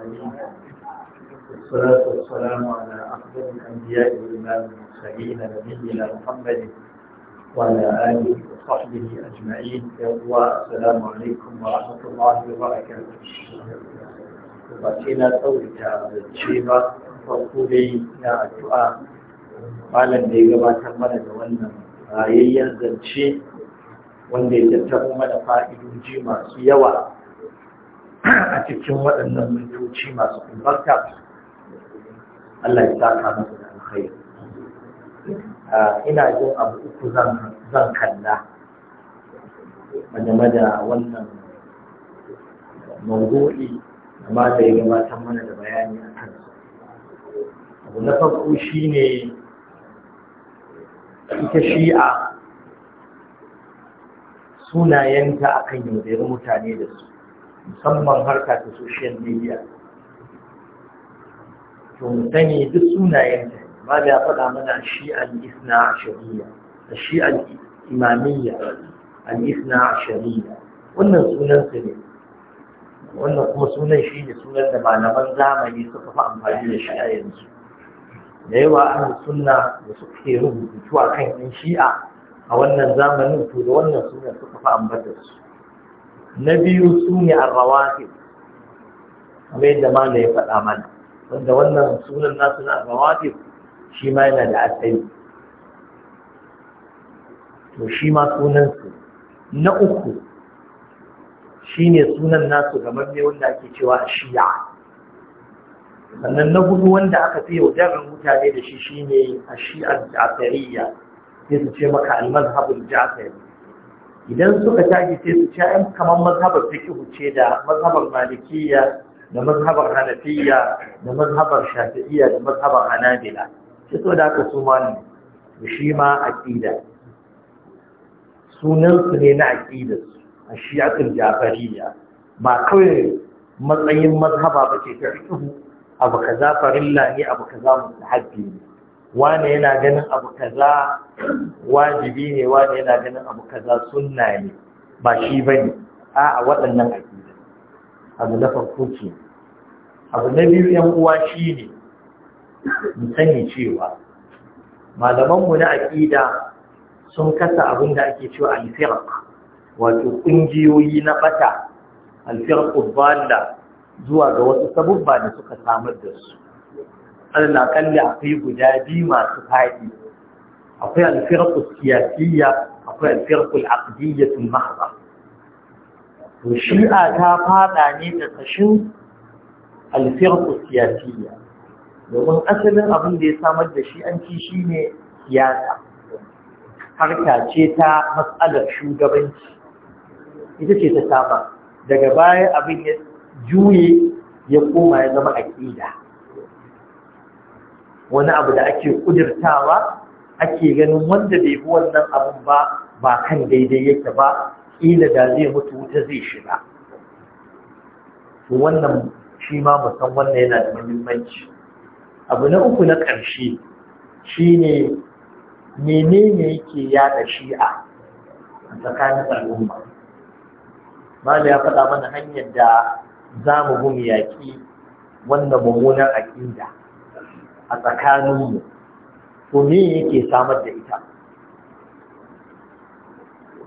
والصلاة والسلام على أفضل الأنبياء والإمام المرسلين نبينا محمد وعلى آله وصحبه أجمعين والسلام عليكم ورحمة الله وبركاته وبكينا تورك بالشيبة وقولي يا الدعاء قال لي قبل مرة وأنا rayayyen zance wanda ya tattaro mana fa'idoji a cikin waɗannan mintoci masu kumbarka Allah ya saka masa da alkhairi ina jin abu uku zan kalla game da wannan mawdu'i amma da ya gabata mana da bayani a kan abu na farko shine ita shi'a sunayenta akan yaudari mutane da su musamman harka ta social media to mu sani duk sunayen ba da ya faɗa mana shi al-isna ashariya shi al-imamiyya al-isna ashariya wannan sunan su ne wannan kuma sunan shi ne sunan da malaman zamani suka fi amfani da shi a yanzu da yawa an sunna da suke rubutu a kan yan shi'a a wannan zamanin to da wannan sunan suka fi ambatar su na biyu su ne rawafi kuma yadda ma ya faɗa mana wanda wannan sunan nasu na rawafi shi ma yana da asali to shi ma sunansu na uku shi ne sunan nasu kamar ne wanda ake cewa shi'a sannan na hudu wanda aka fi yaudarar mutane da shi shi ne a shi'ar jafariya sai su ce maka almazhabul jafari idan suka tashi sai su ci ayyukan kamar mazhabar fiqhu ce da mazhabar malikiyya da mazhabar hanafiyya da mazhabar shafi'iyya da mazhabar hanabila sai so da aka suma ne, ne shi ma aqida sunan su ne na aqida a shi'atul jafariya ba kawai matsayin mazhaba bace ta fiqhu abu kaza farilla ne abu kaza mustahabbi ne wane yana ganin abu kaza wajibi ne wane yana ganin abu kaza sunna ne ba shi bane a a waɗannan aƙida, abu na farko ke abu na biyu yan uwa shine mu sani cewa malaman mu na aƙida sun kasa abin da ake cewa al wato ƙungiyoyi na bata al ubala zuwa ga wasu sabubba da suka samar da su alal kalli akwai guda biyu masu faɗi akwai alfirqu siyasiyya akwai alfirqu al-aqdiyya mahdha to shi'a ta fada ne da kashin alfirqu siyasiyya domin asalin abin da ya samar da shi an ci shine siyasa harka ce ta matsalar shugabanci ita ce ta saba daga baya abin ya juye ya koma ya zama aƙida wani abu da ake kudirtawa ake ganin wanda bai bi wannan abin ba ba kan daidai yake ba ƙila da zai mutu wuta zai shiga wannan shi ma musan wannan yana da muhimmanci abu na uku na ƙarshe ne menene yake yada shi'a a tsakanin al'umma Malu ya faɗa mana hanyar da za mu gumi yaƙi wannan mummunan aƙida a tsakaninmu to me yake samar da ita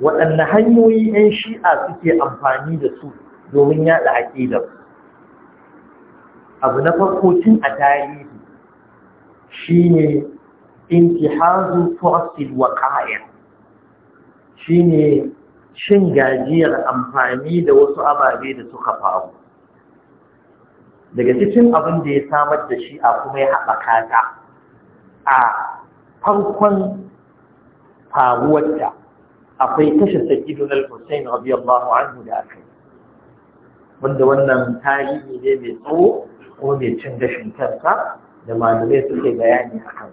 waɗanne hanyoyi 'yan shi'a suke amfani da su domin yaɗa aƙidar abu na farko tun a tarihi shine intihazu tu'assil shi shine shin gajiyar amfani da wasu ababe da suka faru daga cikin abin da ya samar da shi a kuma ya haɓaka ta a farkon faruwarta akwai kashe sayyidun al-hussein radiyallahu anhu da aka yi wanda wannan tarihi ne mai tsawo ko mai cin gashin kanta da malamai suke bayani a kan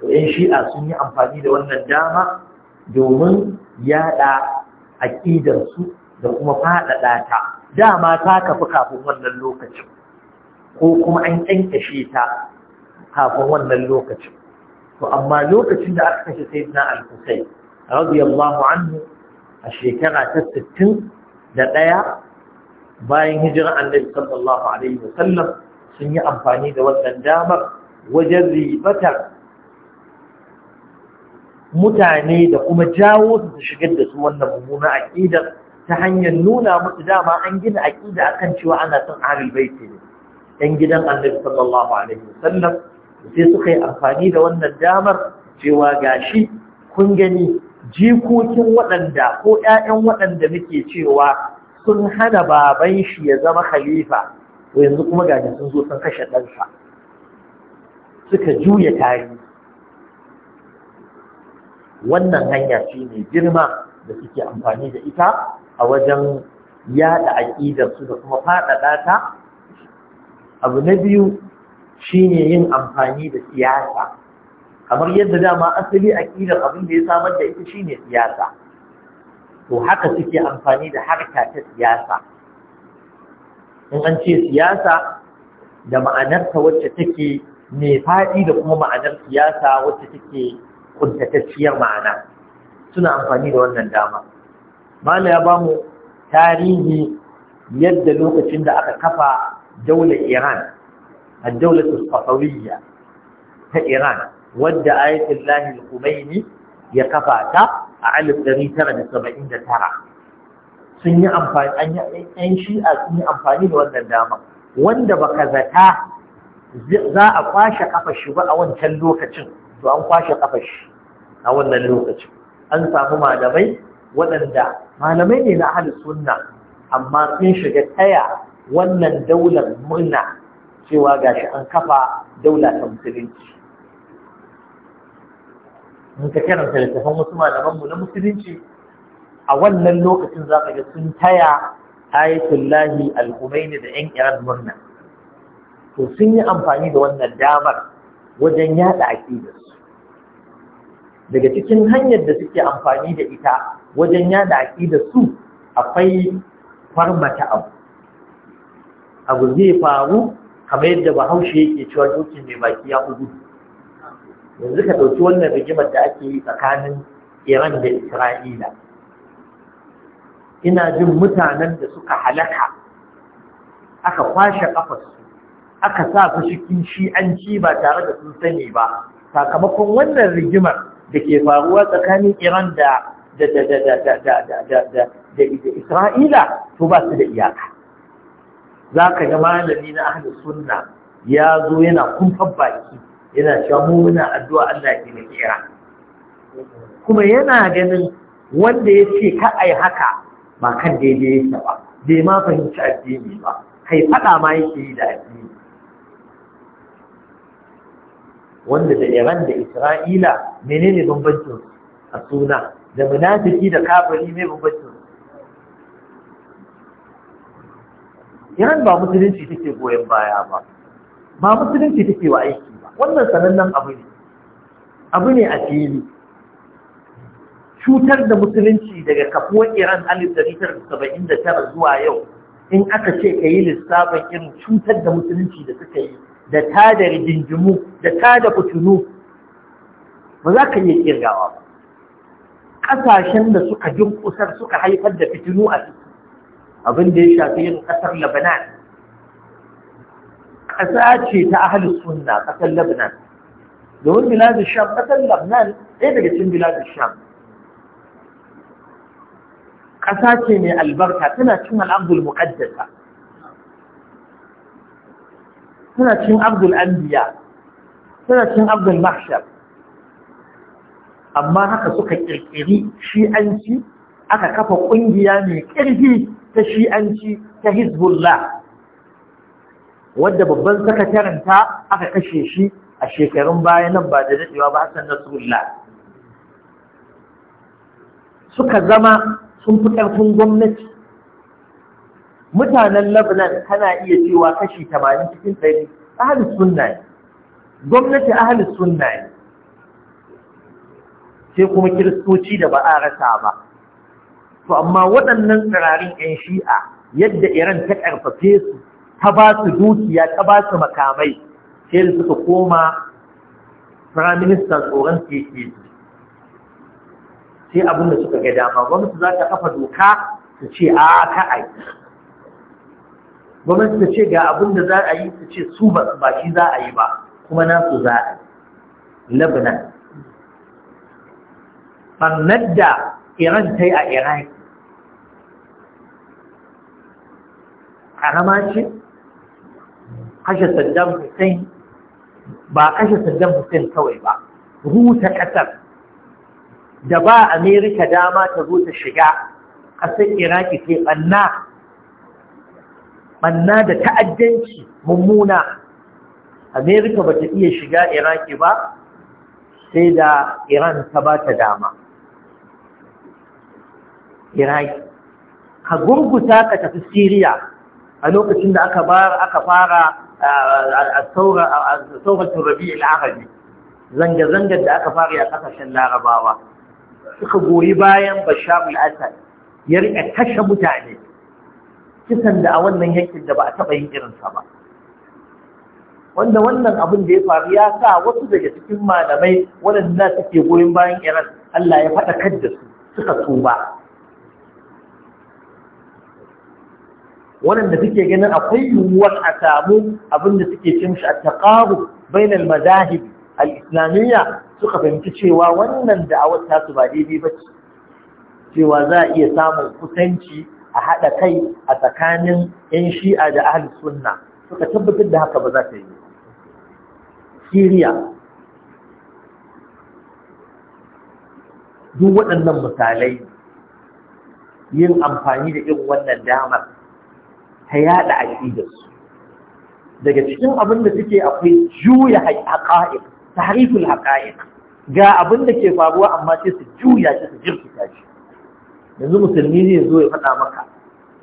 to yan shi'a sun yi amfani da wannan dama domin yaɗa su da kuma faɗaɗa ta dama ta kafi kafin wannan lokacin ko kuma an kyankashe ta kafin wannan lokacin to amma lokacin da aka kashe sayyidina al-husayn radiyallahu anhu a shekara ta sittin da ɗaya bayan hijirar annabi sallallahu alaihi sallam, sun yi amfani da wannan damar wajen ribatar mutane da kuma jawo su su shigar da su wannan mummunan aƙidar ta hanyar nuna musu dama an gina aƙida akan cewa ana son ahlul baiti ne ɗan gidan annabi sallallahu alaihi wasallam sai suka yi amfani da wannan damar cewa gashi kun gani jikokin waɗanda ko ƴaƴan waɗanda muke cewa sun hana baban shi ya zama khalifa to yanzu kuma gashi sun zo sun kashe ɗansa suka juya tarihi wannan hanya ce mai girma da suke amfani da ita a wajen yada aƙidar su da kuma faɗaɗa ta abu na biyu shine yin amfani da siyasa kamar yadda dama asali aƙidar abin da ya samar da ita shine siyasa to haka suke amfani da harka ta siyasa in an ce siyasa da ma'anarta wacce take mai faɗi da kuma ma'anar siyasa wacce take kuntatacciyar ma'ana suna amfani da wannan dama mala ya bamu tarihi yadda lokacin da aka kafa daular iran a daular safawiyya ta iran wadda ayatullahi al-kumaini ya kafa ta a alif ɗari tara da saba'in da tara sun yi amfani an shi'a sun yi amfani da wannan dama wanda baka zata za a kwashe kafa shi ba a wancan lokacin to an kwashe kafa shi a wannan lokacin an samu malamai waɗanda malamai ne na ahli sunna amma sun shiga taya wannan daular murna cewa gashi an kafa daula ta musulunci in ka kiran littafin wasu malamanmu na musulunci a wannan lokacin za ka ga sun taya ayatullahi al-humaini da yan iran murna to sun yi amfani da wannan damar wajen yada aqidarsu daga cikin hanyar da suke amfani da ita wajen yada aqida su akwai farmata abu abu zai faru kamar yadda bahaushe yake cewa dokin mai baki ya yanzu ka ɗauki wannan rigimar da ake yi tsakanin iran da isra'ila ina jin mutanen da suka halaka aka kwashe ƙafarsu aka sa su cikin shi'anci ba tare da sun sani ba sakamakon wannan rigimar da ke faruwa tsakanin iran da da da da da da da da da da da Isra'ila to ba su da iyaka za ka ga malami na ahli sunna ya zo yana kumfan baki yana cewa mu muna addu'a Allah ya taimake Iran kuma yana ganin wanda ya ce ka ai haka ba kan daidai yake ba bai ma fahimci addini ba kai faɗa ma yake yi da addini wanda da Iran da Isra'ila menene bambancin a suna da munafiki da kafiri mai bambancin Iran ba musulunci take goyon baya ba ba musulunci take wa aiki ba wannan sanannen abu ne abu ne a fili cutar da musulunci daga kafuwar Iran 1979 zuwa yau in aka ce ka yi lissafin irin cutar da musulunci da suka yi da ta da rigingimu da ta da kutunu ba za ka iya kirgawa ba kasashen da suka jin kusar suka haifar da fitinu a su abin da ya shafi yin kasar labanan kasa ce ta ahalus sunna ƙasar labanan domin biladu sham kasar labanan ɗaya daga cikin biladu sham kasa ce mai albarka tana cin al'abdul muqaddasa tana cin abdul anbiya tana cin abdul mahshar amma haka suka ƙirƙiri shi'anci aka kafa ƙungiya mai ƙirfi ta shi'anci ta Hezbollah, wadda babban sakatarinta aka kashe shi a shekarun baya nan ba da daɗewa ba hassan nasrullah suka zama sun fi ƙarfin gwamnati mutanen lebanon tana iya cewa kashi 80 cikin 100 ahalus sunna ne gwamnati ahalus sunna ne sai kuma kiristoci da ba a rasa ba to amma waɗannan tsirarin 'yan shi'a yadda iran ta ƙarfafe su ta ba su dukiya ta ba su makamai sai da suka koma firaministan tsoron su sai abin da suka ga dama gwamnati za ta kafa doka su ce a ka aiki gwamnati ta ce ga abin da za a yi su ce su ba shi za a yi ba kuma nasu za a yi lebanon Sannan da iran ta yi a iraq ƙarama ce kashe saddam hussein ba kashe saddam hussein kawai ba ruta ƙasar da ba amerika dama ta zo ta shiga ƙasar iraki ke ɓanna ɓanna da ta'addanci mummuna amerika ba ta iya shiga iraki ba sai da iran ta ba ta dama iraki ka gurguta ka tafi siriya a lokacin da aka aka fara a sauratun rabi'ul arabi zanga-zangar da aka fara a kasashen larabawa suka goyi bayan bashar al-assad ya riƙa kashe mutane kisan da a wannan yankin da ba a taɓa yin irinsa ba wanda wannan abin da ya faru ya sa wasu daga cikin malamai waɗanda suke goyon bayan iran allah ya faɗa da su suka tuba waɗanda suke ganin akwai yiwuwar a samu abin da suke cin shi a taƙaru bainal mazahib al-islamiyya suka fahimci cewa wannan da'awar tasu ba daidai ba ce cewa za a iya samun kusanci a haɗa kai a tsakanin 'yan shi'a da ahal sunna suka tabbatar da haka ba za ta yi siriya duk waɗannan misalai yin amfani da irin wannan damar ta yada su daga cikin abin da suke akwai juya haqa'iq tahriful haqa'iq ga abin da ke faruwa amma sai su juya shi su jirkita shi yanzu musulmi ne zo ya faɗa maka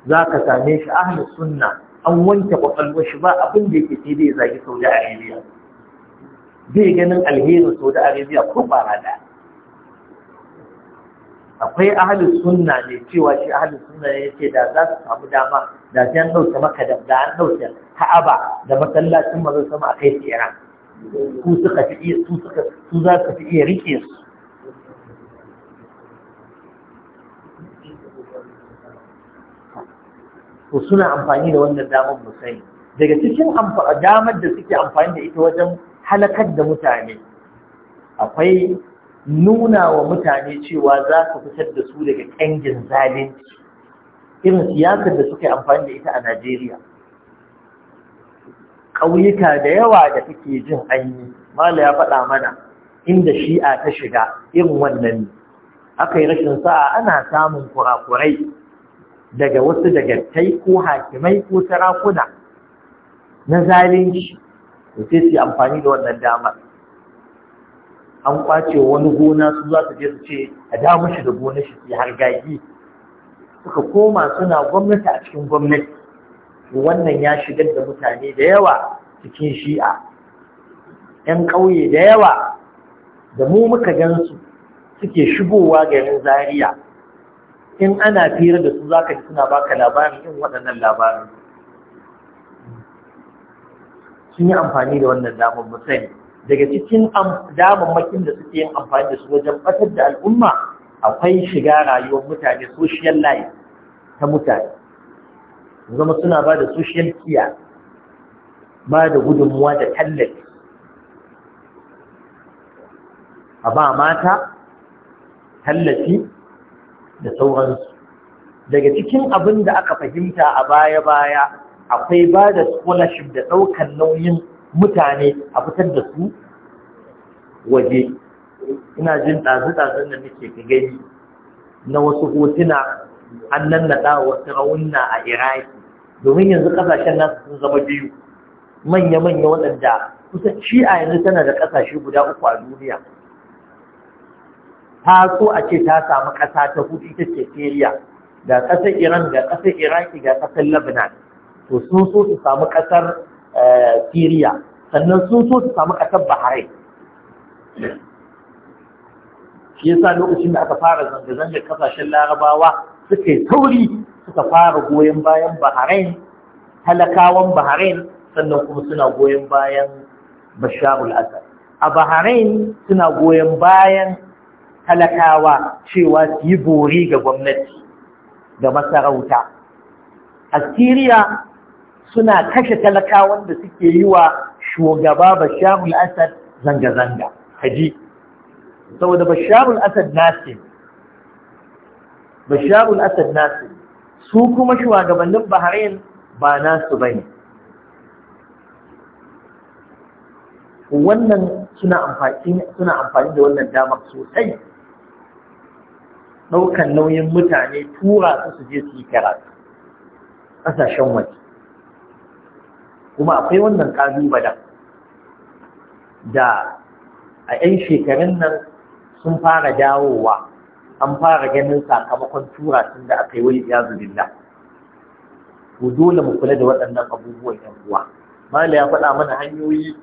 za ka same shi ahli sunna an wanke kwakwalwa shi ba abin da yake sai ya zagi Saudi arabiya zai ganin alherin Saudi arabiya ko ba daya. akwai ahalin sunna ne cewa shi ahalin sunna ne ce da za su samu dama da sai an ɗauke maka da da an ɗauke ka'aba da masallacin mazo sama a kai tsira su suka fi iya su suka su za su fi iya rike su ko suna amfani da wannan damar musai daga cikin damar da suke amfani da ita wajen halakar da mutane akwai nuna wa mutane cewa za su fitar da su daga ƙangin zalunci irin siyasar da suka yi amfani da ita a Najeriya. Ƙauyuka da yawa da suke jin anyi, malu ya faɗa mana inda shi'a ta shiga irin wannan aka yi rashin sa'a ana samun kurakurai daga wasu dagattai ko hakimai ko sarakuna na zalunci da sai su yi amfani da wannan damar. an kwace wani gona su za su je su ce a damu shi da gona shi su har gagi suka koma suna gwamnati a cikin gwamnati wannan ya shigar da mutane da yawa cikin shi'a yan ƙauye da yawa da mu muka gansu suke shigowa garin zaria in ana fira da su zaka ji suna baka labarin in waɗannan labarin sun yi amfani da wannan damar mu sani daga cikin damammakin da suke yin amfani da su wajen batar da al'umma akwai shiga rayuwar mutane social life ta mutane zama suna ba da social care ba da gudunmuwa da tallafi a ba mata tallafi da sauransu daga cikin abin da aka fahimta a baya-baya akwai ba da scholarship da ɗaukar nauyin mutane a fitar da su waje ina jin ɗazu-ɗazun da nake ka gani na wasu hotuna an nan da wasu raunna a iraki domin yanzu ƙasashen nasu sun zama biyu manya-manya waɗanda kusa shi a yanzu tana da ƙasashe guda uku a duniya ta so a ce ta samu ƙasa ta hudu ita ce ga ƙasar Iran ga ƙasar Iraki ga ƙasar Lebanon to sun so su samu ƙasar Eh, Siriya sannan sun so su samu ƙasar Bahrain shi yasa lokacin da aka fara zanga-zangar kasashen larabawa suka yi tauri suka fara goyon bayan Bahrain talakawan Bahrain sannan kuma suna goyon bayan Bashar al-Assad a Bahrain suna goyon bayan talakawa cewa su yi bori ga gwamnati da masarauta. A Siriya suna kashe talakawan da suke yi wa shugaba Basharul Asad zanga-zanga haji saboda Basharul Asad nasi Basharul Asad nasi su kuma shugabannin Bahrain ba nasu bane wannan suna amfani suna amfani da wannan damar sosai ɗaukan nauyin mutane tura su su je su yi karatu ƙasashen waje kuma akwai wannan ƙalubalen da a 'yan shekarun nan sun fara dawowa an fara ganin sakamakon tura tun da aka yi wani iyazu da ku dole mu kula da waɗannan abubuwan yan uwa mala ya faɗa mana hanyoyi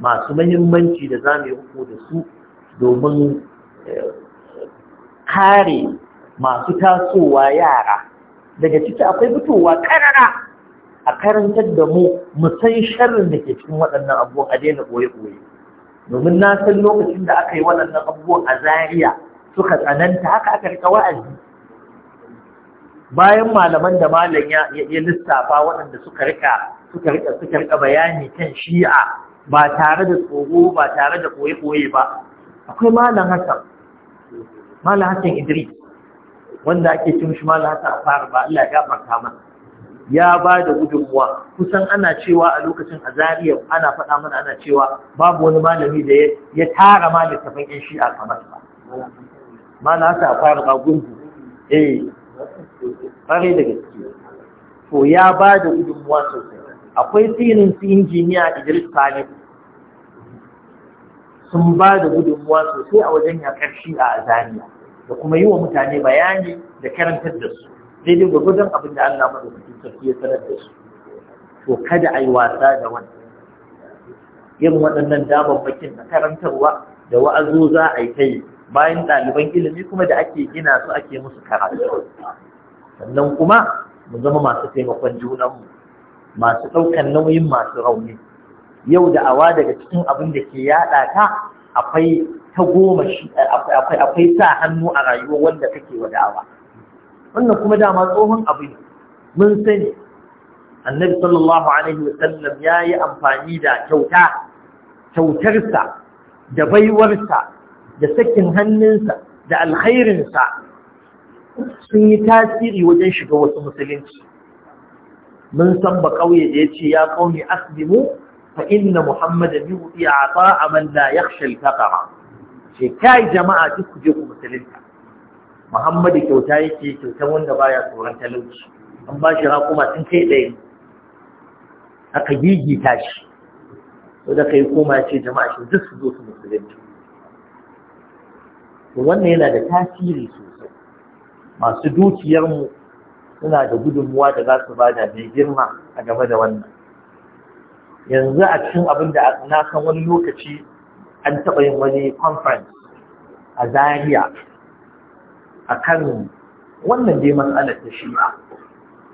masu mahimmanci da za mu yi uku da su domin eh, kare masu tasowa yara daga ciki akwai fitowa ƙarara a karantar da mu mu san sharrin da ke cikin waɗannan abubuwan a daina ɓoye-ɓoye domin na san lokacin da aka yi waɗannan abubuwan a Zariya suka tsananta haka aka rika wa'azi bayan malaman da malam ya lissafa waɗanda suka rika suka rika suka rika bayani kan shi'a ba tare da tsoro ba tare da ɓoye-ɓoye ba akwai malam hassan malam hassan idris wanda ake cin shi malam hassan a fara ba Allah ya gafarta masa ya ba da gudunmuwa kusan ana cewa a lokacin azariya ana faɗa mana ana cewa babu wani malami da ya tara ma tafan yan shi'a kamar ba mala haka fara ba gungu eh ƙwarai da gaske to ya ba da gudunmuwa sosai akwai tsirin su injiniya idris salim sun ba da gudunmuwa sosai a wajen yakar shi'a a zaniya da kuma yi wa mutane bayani da karantar da su daidai gwagwadon abin da Allah madaukakin sarki ya sanar da su to kada a yi wasa da wannan yin waɗannan damammakin na karantarwa da wa'azu za a yi kai bayan ɗaliban ilimi kuma da ake gina su ake musu karatu sannan kuma mu zama masu taimakon junanmu masu ɗaukan nauyin masu rauni yau da awa daga cikin abin da ke yaɗa ta akwai ta goma akwai sa hannu a rayuwar wanda kake wa da'awa wannan kuma dama tsohon abu ne mun sani annabi sallallahu alaihi wasallam ya yi amfani da kyauta kyautarsa da baiwarsa da sakin hannunsa da alkhairinsa sun yi tasiri wajen shiga wasu musulunci mun san ba ƙauye da ya ce ya kauni aslimu fa inna muhammadan yu'ti ata man la yakhsha al-faqra ce kai jama'a duk ku je ku musulunta muhammadu kyauta yake kyautan wanda baya tsoron talauci an ba shi raƙuma sun kai ɗaya aka gigita shi da ka yi koma ya ce jama'a shi duk su zo su musulunci wannan yana da tasiri sosai masu dukiyarmu suna da gudunmuwa da za su bada mai girma a game da wannan yanzu a cikin abin da na san wani lokaci an taɓa yin wani conference a zaria a kan wannan dai matsalar ta shi'a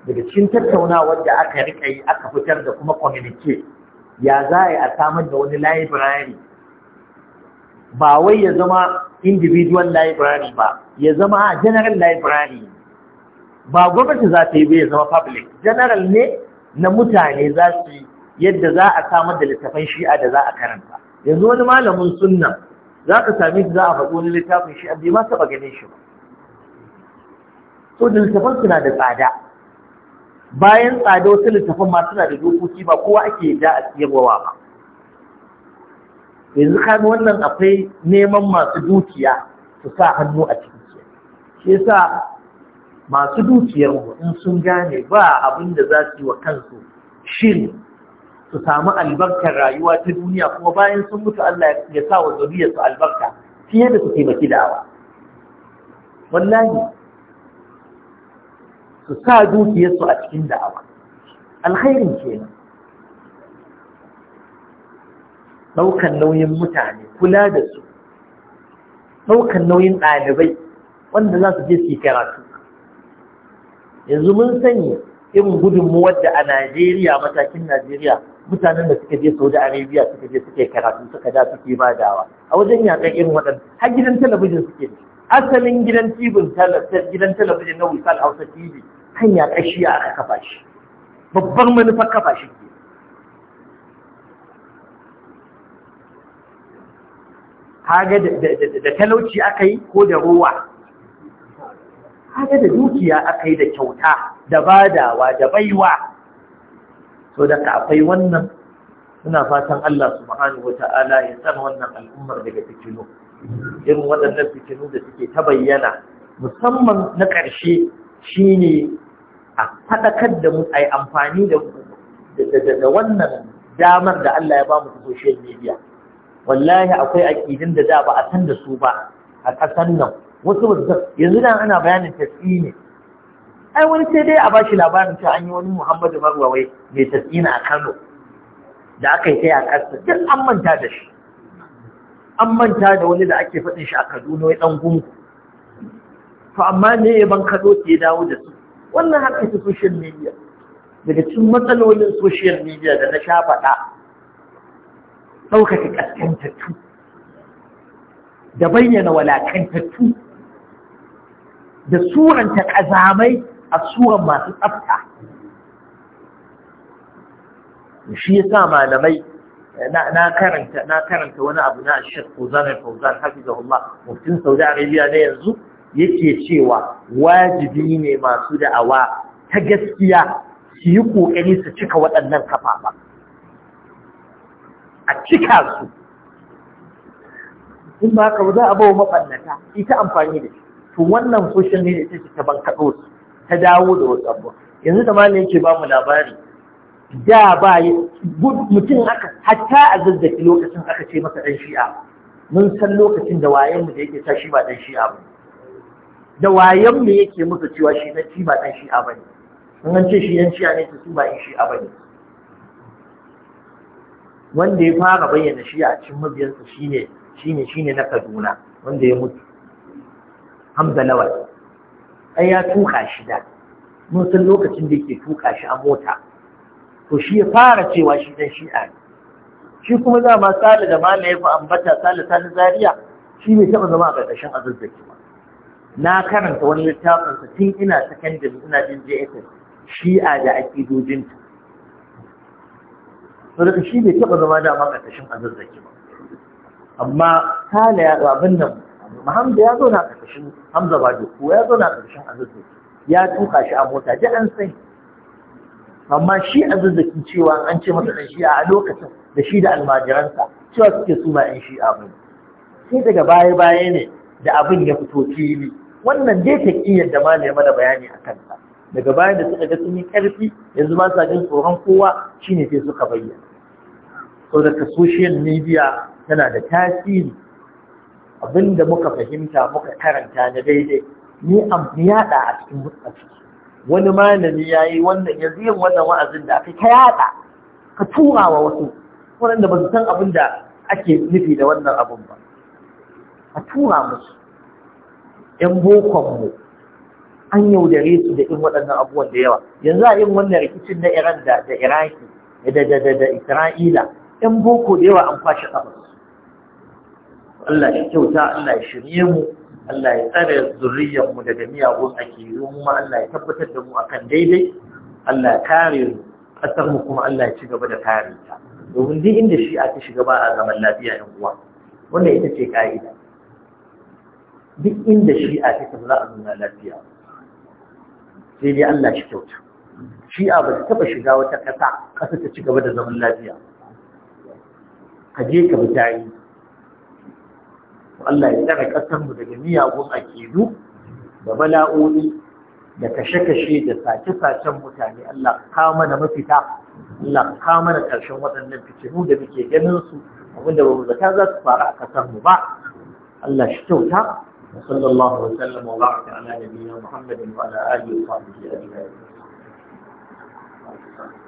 daga cikin tattaunawar da aka rika yi aka fitar da kuma communique ya za a samar da wani library ba wai ya zama individual library ba ya zama general library ba gwamnati za ta yi ba ya zama public general ne na mutane za su yadda za a samar da littafan shi'a da za a karanta yanzu wani malamin sunna za ka same shi za a faɗo wani littafin shi'a bai ma taɓa ganin shi ba so da littafan suna da tsada bayan tsada wasu littafan ma suna da dokoki ba kowa ake da a siyarwa ba yanzu kan wannan akwai neman masu dukiya su sa hannu a ciki shi yasa masu dukiyar in sun gane ba abin da za su yi wa kansu shin su samu albarkar rayuwa ta duniya kuma bayan sun mutu Allah ya sa wa su albarka fiye da su taimaki da'awa wallahi su sa dukiyarsu a cikin da'awa alkhairin kenan ɗaukan nauyin mutane kula da su ɗaukan nauyin ɗalibai wanda za su je su yi karatu yanzu mun sani irin gudunmuwar da a Najeriya matakin Najeriya mutanen da suka je Saudi Arabia suka je suka yi karatu suka da suke badawa a wajen yakan irin waɗanda har gidan talabijin suke da asalin gidan tibin gidan talabijin na wisal hausa tv hanya ƙashiya aka kafa shi babbar manufar kafa shi haga da talauci aka yi ko da ruwa haga da dukiya aka yi da kyauta da badawa da baiwa so da akwai wannan suna fatan Allah subhanahu wa ta'ala ya tsara wannan al'ummar daga fitinu irin waɗannan fitinu da suke ta bayyana musamman na ƙarshe shi ne a faɗakar da mu ai amfani da wannan damar da Allah ya ba mu social media wallahi akwai aƙidin da da ba a san da su ba a ƙasar nan wasu ba yanzu nan ana bayanin tafi ne ai wani sai dai a ba shi labarin cewa an yi wani Muhammadu Marwawai mai tafi a Kano da aka yi ta yi a ƙasar duk an manta da shi an manta da wani da ake faɗin shi a Kaduna ya ɗan gungu. to amma ne ya ban kado ke dawo da su wannan harkar ta social media daga cikin matsalolin social media da na sha faɗa ɗaukaka ƙaskantattu da bayyana walakantattu da suranta ƙazamai a suran masu tsafta shi yasa malamai na karanta wani abu na Sheikh Fauzan al-Fauzan hafizahullah muftin Saudi arabiya na yanzu yake cewa wajibi ne masu da'awa ta gaskiya su yi kokari su cika waɗannan kafafa a cika su in ba ka za a bawa mabannata ita amfani da shi to wannan social media ita ce ta bankaɗo su ta dawo da wasu abuwa yanzu da malam yake ba mu labari da ba mutum aka hatta a zazzaki lokacin aka ce masa ɗan shi'a mun san lokacin da wayenmu da yake sa shi ba ɗan shi'a ba da wayenmu yake musu cewa shi na shi ba ɗan shi'a ba ne an ce shi ɗan shi'a ne su ba yin shi'a ba ne wanda ya fara bayyana shi a cikin mabiyansa ne shine shine na Kaduna wanda ya mutu Hamza Lawal ai ya tuka shi da mun san lokacin da yake tuka shi a mota to shi ya fara cewa shi dan shi'a ne shi kuma za ma sale da mala ya fi ambata sale ta nazariya shi bai taɓa zama a ƙarƙashin azazzaki ba na karanta wani littafinsa tun ina sakandare ina jin jss shi'a da ake akidojinta saboda shi bai taɓa zama da ma ƙarƙashin azazzaki ba amma sale ya abin nan Muhammadu ya zo na ƙarƙashin Hamza Bado ko ya zo na ƙarƙashin Azizu ya tuka shi a mota da an sai amma shi zuzzaki cewa an ce masa ɗan shi'a a lokacin da shi da almajiransa cewa suke su ba yan shi'a ba sai daga baya baya ne da abin ya fito fili wannan dai taqiyyar da malai mana bayani a kansa daga baya da suka ga sun yi karfi yanzu ba sa jin tsoron kowa shine sai suka bayyana saboda social media tana da tasiri abinda muka fahimta muka karanta na daidai ni am yada a cikin a ciki wani malami ya yi wannan ya yin wannan wa'azin da aka yada, ka tura wa wasu waɗanda ba su san abin da ake nufi da wannan abin ba a tura musu ‘yan bokonmu an yaudare su da in waɗannan abubuwan da yawa yanzu a yin wannan rikicin na iran da iraki da isra'ila ‘yan boko da yawa an kwashe ƙafa Allah ya kyauta Allah ya shirye mu Allah ya tsare zuriyar mu daga miyagun akidu mu ma Allah ya tabbatar da mu akan daidai Allah ya kare mu kasar mu kuma Allah ya ci gaba da kare ta domin duk inda shi aka shiga ba a zaman lafiya ɗan uwa wannan ita ce ka'ida duk inda shi'a take ba za a nuna lafiya sai dai Allah shi kyauta shi'a ba ta taba shiga wata ƙasa ƙasa ta ci gaba da zaman lafiya ka je ka bi tarihi Allah ya tsare ƙasarmu daga miyagun akidu da bala'o'i da kashe-kashe da sace-sacen mutane Allah ka mana mafita Allah ka mana ƙarshen waɗannan fitinu da muke ganin su abinda ba mu zata za su faru a ƙasarmu ba Allah shi kyauta وصلى